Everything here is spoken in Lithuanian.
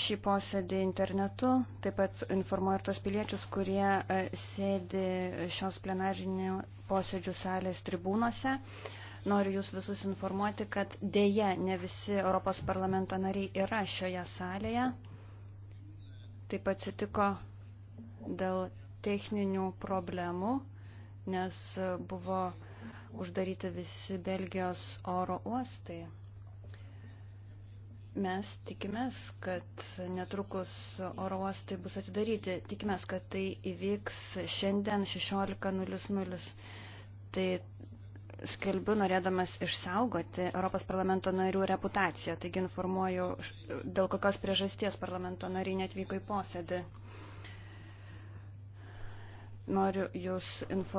šį posėdį internetu, taip pat informuoju ir tos piliečius, kurie e, sėdi šios plenarinių posėdžių salės tribūnose. Noriu jūs visus informuoti, kad dėje ne visi Europos parlamento nariai yra šioje salėje. Taip atsitiko dėl techninių problemų, nes buvo uždaryti visi Belgijos oro uostai. Mes tikimės, kad netrukus oro uostai bus atidaryti. Tikimės, kad tai įvyks šiandien 16.00. Tai skelbiu norėdamas išsaugoti Europos parlamento narių reputaciją. Taigi informuoju, dėl kokios priežasties parlamento nariai netvyko į posėdį. Noriu jūs informuoti.